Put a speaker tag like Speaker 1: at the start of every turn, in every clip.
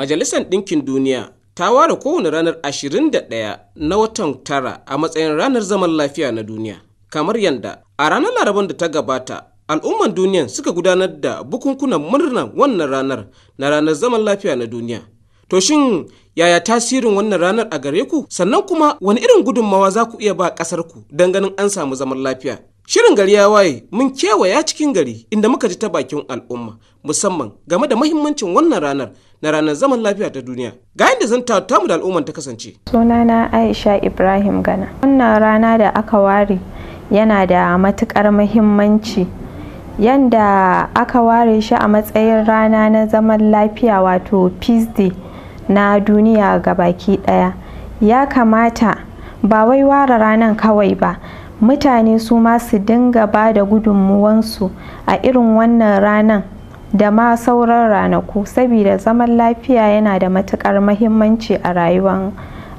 Speaker 1: Majalisar Ɗinkin Duniya ta ware kowane ranar 21 na watan tara a matsayin ranar zaman lafiya na duniya. Kamar yadda a ranar Laraban da ta gabata, al'umman duniya suka gudanar da bukunkunan murnar wannan ranar na ranar zaman lafiya na duniya. To shin yaya tasirin wannan ranar a gare ku? Sannan kuma wani irin gudunmawa za ku iya ba ku don ganin an samu zaman lafiya? Shirin gari ya waye mun kewaya cikin gari inda muka ji ta bakin al'umma musamman game da mahimmancin wannan ranar na ranar zaman lafiya ta duniya. Ga yadda zan tamu da al'umman ta kasance.
Speaker 2: Sunana Aisha Ibrahim Gana. Wannan rana da aka ware yana da matukar mahimmanci. Yanda aka ware shi a matsayin rana na zaman lafiya wato Peace Day na duniya ga baki ɗaya, Ya kamata ba wai ware ranan kawai ba. mutane su ma su dinga ba da gudunmuwansu a irin wannan ranan da ma sauran ranaku saboda zaman lafiya yana da matukar mahimmanci a rayuwar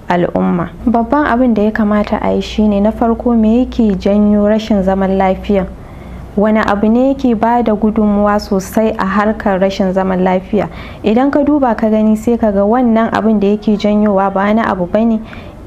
Speaker 2: al'umma babban abin da ya kamata a yi shine na farko me yake janyo rashin zaman lafiya wani abu ne yake ba da gudunmuwa sosai a harkar rashin zaman lafiya idan ka duba ka gani sai ka ga wannan abin da yake janyowa ba wani abu bane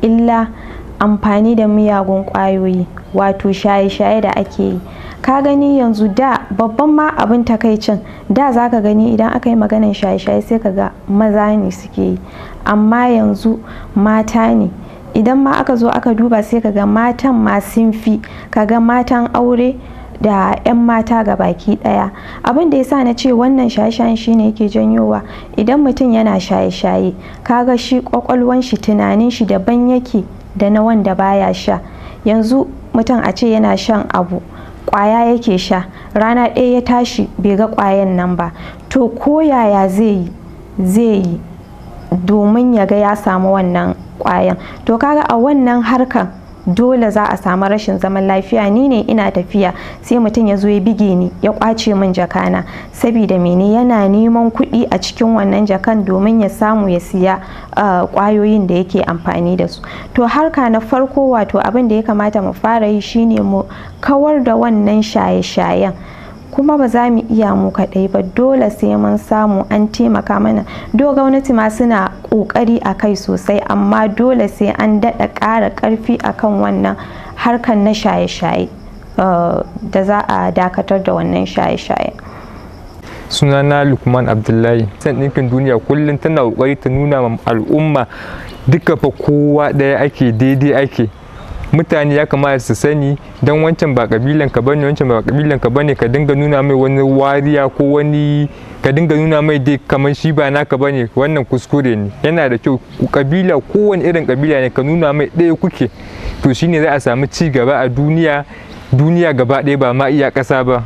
Speaker 2: illa amfani da miyagun kwayoyi wato shaye-shaye da ake yi ka gani yanzu da babban ma abin takaicin da za ka gani idan aka yi maganan shaye-shaye sai ka ga maza ne suke yi amma yanzu mata ne idan ma aka zo aka duba sai ka ga matan ma sun fi ka ga matan aure da 'yan mata ga baki daya abin da sa na ce wannan shaye-shayen shine yake janyowa idan mutum yana shaye-shaye ka ga shi kwakwalwan shi tunanin shi daban yake da na wanda baya sha yanzu mutum a ce yana shan abu kwaya yake sha rana ɗaya ya tashi bai ga kwayan nan ba to ko yaya zai yi zai yi domin ya ga ya samu wannan kwayan to kaga a wannan harkan dole za a samu rashin zaman lafiya ni ne ina tafiya sai mutum ya zo ya bige ni ya kwace min jakana saboda mene yana neman kuɗi a cikin wannan jakan domin ya samu ya siya kwayoyin ah, da yake amfani da su to harka na farko wato abin da ya kamata mu fara yi shine mu kawar da wannan shaye-shayen kuma ba za mu iya mu kaɗai ba dole sai mun samu an taimaka mana do gwamnati ma suna ƙoƙari a kai sosai amma dole sai an daɗa ƙara ƙarfi akan wannan harkar na shaye-shaye eh, da za a dakatar da wannan shaye-shaye
Speaker 3: sunana lukman abdullahi san ɗinkin duniya kullum tana ƙoƙari ta nuna al'umma duka fa kowa ɗaya ake daidai ake mutane ya kamata su sani don wancan ba kabilan ka bane wancan ba kabilan ka bane ka dinga nuna mai wani wariya ko wani ka dinga nuna mai dai kamar shi ba naka bane wannan kuskure ne yana da kyau kabila kowane irin kabila ne ka nuna mai ɗaya kuke to shine za a samu ci gaba a duniya duniya gaba ɗaya ba ma iya ƙasa ba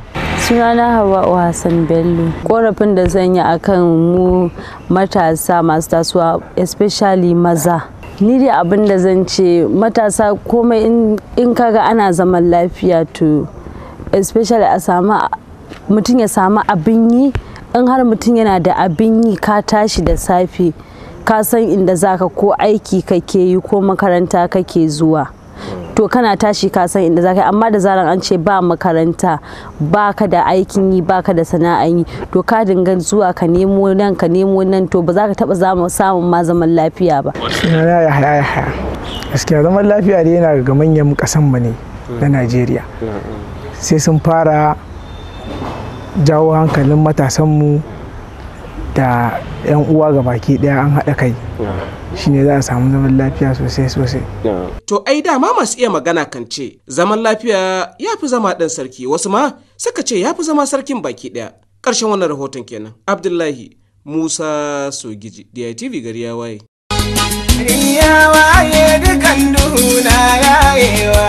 Speaker 4: sunana hawa'u hassan bello korafin da zan yi akan mu matasa masu tasowa especially maza ni dai abin da zan ce matasa komai in kaga ana zaman lafiya to especially a samu mutum ya samu abin yi in har mutum yana da abin yi ka tashi da safe ka san inda zaka ko aiki kake yi ko makaranta kake zuwa to kana tashi ka san inda zaka amma da zaran an ce ba makaranta baka da aikin yi baka da sana'an yi to ka dinga zuwa ka nemo nan ka nemo nan to ba za ka taba samun ma zaman
Speaker 1: lafiya ba gaskiya zaman lafiya dai yana ga manyan kasan mu ne na Najeriya sai sun fara jawo hankalin matasanmu da yan uwa ga baki daya an haɗa kai shine za a samu zaman lafiya sosai sosai to ai dama masu iya magana kan ce zaman lafiya ya fi zama ɗan sarki wasu ma suka ce ya fi zama sarkin baki daya ƙarshen wannan rahoton kenan abdullahi musa sogiji DITV gari ya waye dukan duhu na yayewa